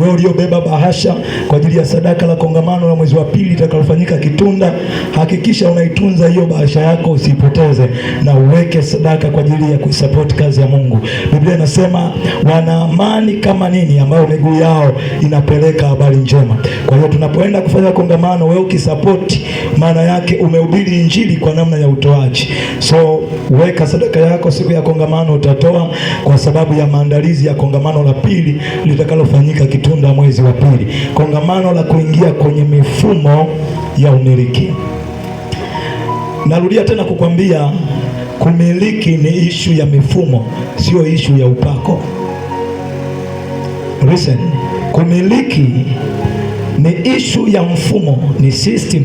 Wewe uliobeba bahasha kwa ajili ya sadaka la kongamano la mwezi wa pili litakalofanyika Kitunda, hakikisha unaitunza hiyo bahasha yako, usipoteze na uweke sadaka kwa ajili ya kuisupport kazi ya Mungu. Biblia inasema wana amani kama nini, ambayo miguu yao inapeleka habari njema. Kwa hiyo tunapoenda kufanya kongamano, wewe ukisapoti, maana yake umehubiri injili kwa namna ya utoaji. So weka sadaka yako, siku ya kongamano utatoa, kwa sababu ya maandalizi ya kongamano la pili litakalofanyika Kitunda matunda mwezi wa pili, kongamano la kuingia kwenye mifumo ya umiliki. Narudia tena kukwambia kumiliki ni ishu ya mifumo, sio ishu ya upako. Listen, kumiliki ni ishu ya mfumo, ni system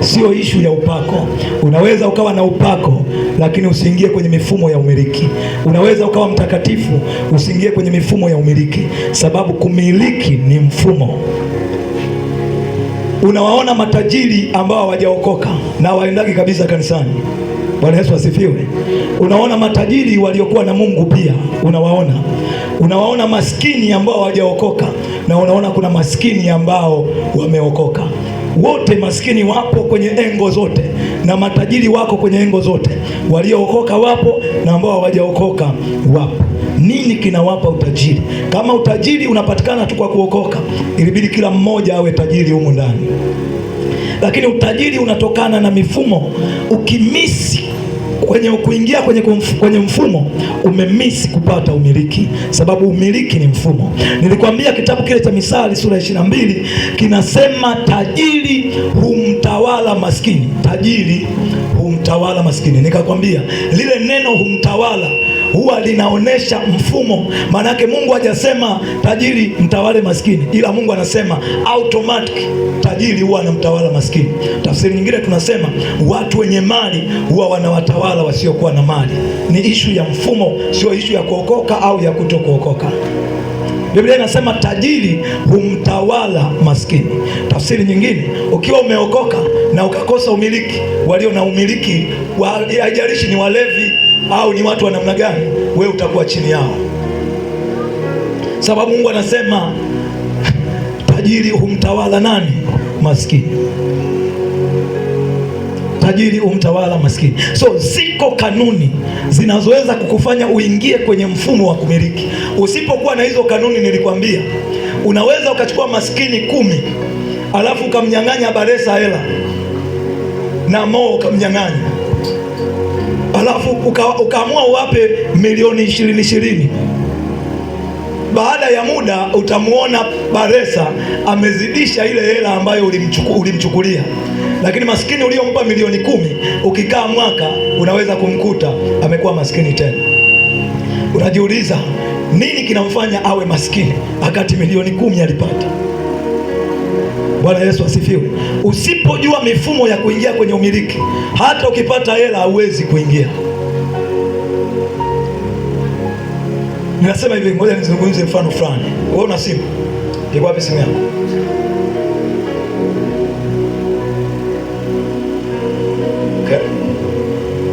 sio ishu ya upako. Unaweza ukawa na upako lakini usiingie kwenye mifumo ya umiliki. Unaweza ukawa mtakatifu usiingie kwenye mifumo ya umiliki, sababu kumiliki ni mfumo. Unawaona matajiri ambao hawajaokoka na waendagi kabisa kanisani. Bwana Yesu asifiwe. Unawaona matajiri waliokuwa na Mungu pia unawaona, unawaona maskini ambao hawajaokoka na unaona kuna maskini ambao wameokoka wote maskini wapo kwenye engo zote na matajiri wako kwenye engo zote, waliookoka wapo na ambao hawajaokoka wapo. Nini kinawapa utajiri? Kama utajiri unapatikana tu kwa kuokoka, ilibidi kila mmoja awe tajiri humu ndani, lakini utajiri unatokana na mifumo. Ukimisi kwenye kuingia kwenye, kwenye mfumo umemisi kupata umiliki, sababu umiliki ni mfumo. Nilikwambia kitabu kile cha Misali sura ya ishirini na mbili kinasema tajiri humtawala maskini, tajiri humtawala maskini. Nikakwambia lile neno humtawala huwa linaonesha mfumo. Maanake Mungu hajasema tajiri mtawale maskini, ila Mungu anasema automatic tajiri huwa anamtawala maskini. Tafsiri nyingine tunasema watu wenye mali huwa wanawatawala wasiokuwa na mali. Ni ishu ya mfumo, sio ishu ya kuokoka au ya kutokuokoka. Biblia inasema tajiri humtawala maskini. Tafsiri nyingine, ukiwa umeokoka na ukakosa umiliki, walio na umiliki haijalishi ni walevi au ni watu wa namna gani, wewe utakuwa chini yao, sababu Mungu anasema tajiri humtawala nani? Maskini. Tajiri humtawala maskini. So ziko kanuni zinazoweza kukufanya uingie kwenye mfumo wa kumiliki. Usipokuwa na hizo kanuni, nilikwambia unaweza ukachukua maskini kumi alafu ukamnyang'anya Baresa hela na Moo ukamnyang'anya alafu ukaamua uwape milioni ishirini ishirini baada ya muda utamwona Baresa amezidisha ile hela ambayo ulimchuku, ulimchukulia. Lakini maskini uliyompa milioni kumi, ukikaa mwaka unaweza kumkuta amekuwa maskini tena. Unajiuliza nini kinamfanya awe maskini akati milioni kumi alipata? Bwana Yesu asifiwe. Usipojua mifumo ya kuingia kwenye umiliki, hata ukipata hela hauwezi kuingia. Ninasema hivi, ngoja nizungumze mfano fulani. Wewe una simu? Iko wapi simu yako?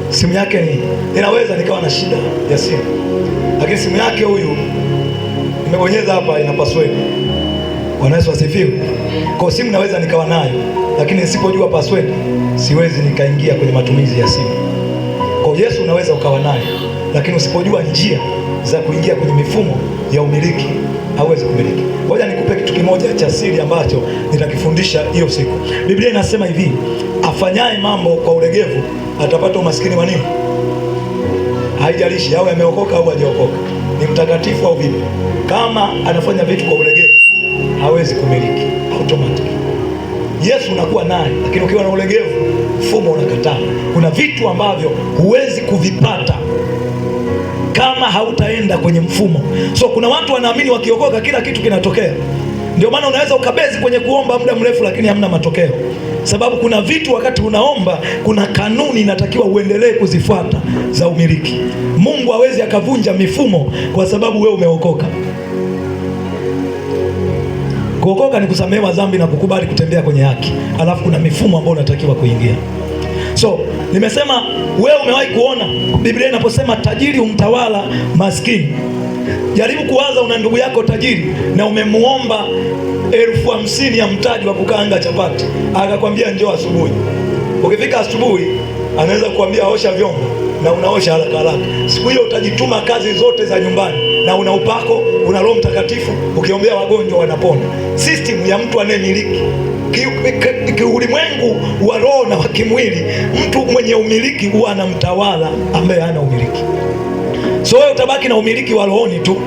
Simu yake ni inaweza nikawa na shida ya simu, lakini simu yake huyu, imebonyeza hapa, ina password Bwana Yesu asifiwe. Kwa simu naweza nikawa nayo, lakini nisipojua password siwezi nikaingia kwenye matumizi ya simu. Kwa Yesu unaweza ukawa nayo, lakini usipojua njia za kuingia kwenye mifumo ya umiliki hauwezi kumiliki. Ngoja nikupe kitu kimoja cha siri ambacho nitakifundisha hiyo siku. Biblia inasema hivi, afanyaye mambo kwa ulegevu atapata umaskini wa nini? Haijalishi awe ameokoka au hajaokoka, ni mtakatifu au vipi, kama anafanya vitu kwa ulegevu hawezi kumiliki automatic. Yesu unakuwa naye, lakini ukiwa na ulegevu, mfumo unakataa. Kuna vitu ambavyo huwezi kuvipata kama hautaenda kwenye mfumo. So kuna watu wanaamini wakiokoka kila kitu kinatokea. Ndio maana unaweza ukabezi kwenye kuomba muda mrefu, lakini hamna matokeo, sababu kuna vitu wakati unaomba, kuna kanuni inatakiwa uendelee kuzifuata za umiliki. Mungu hawezi akavunja mifumo kwa sababu wewe umeokoka. Kuokoka ni kusamehewa dhambi na kukubali kutembea kwenye haki, alafu kuna mifumo ambayo unatakiwa kuingia. So nimesema wewe umewahi kuona Biblia inaposema tajiri umtawala maskini. Jaribu kuwaza una ndugu yako tajiri na umemuomba elfu hamsini ya mtaji wa kukaanga chapati, akakwambia njoo asubuhi. Ukifika asubuhi anaweza kuambia osha vyombo na unaosha haraka haraka. Siku hiyo utajituma kazi zote za nyumbani, na una upako, una Roho Mtakatifu, ukiombea wagonjwa wanapona. System ya mtu anayemiliki kiulimwengu wa roho na wa kimwili, mtu mwenye umiliki huwa anamtawala ambaye hana umiliki. So wewe utabaki na umiliki wa rohoni tu.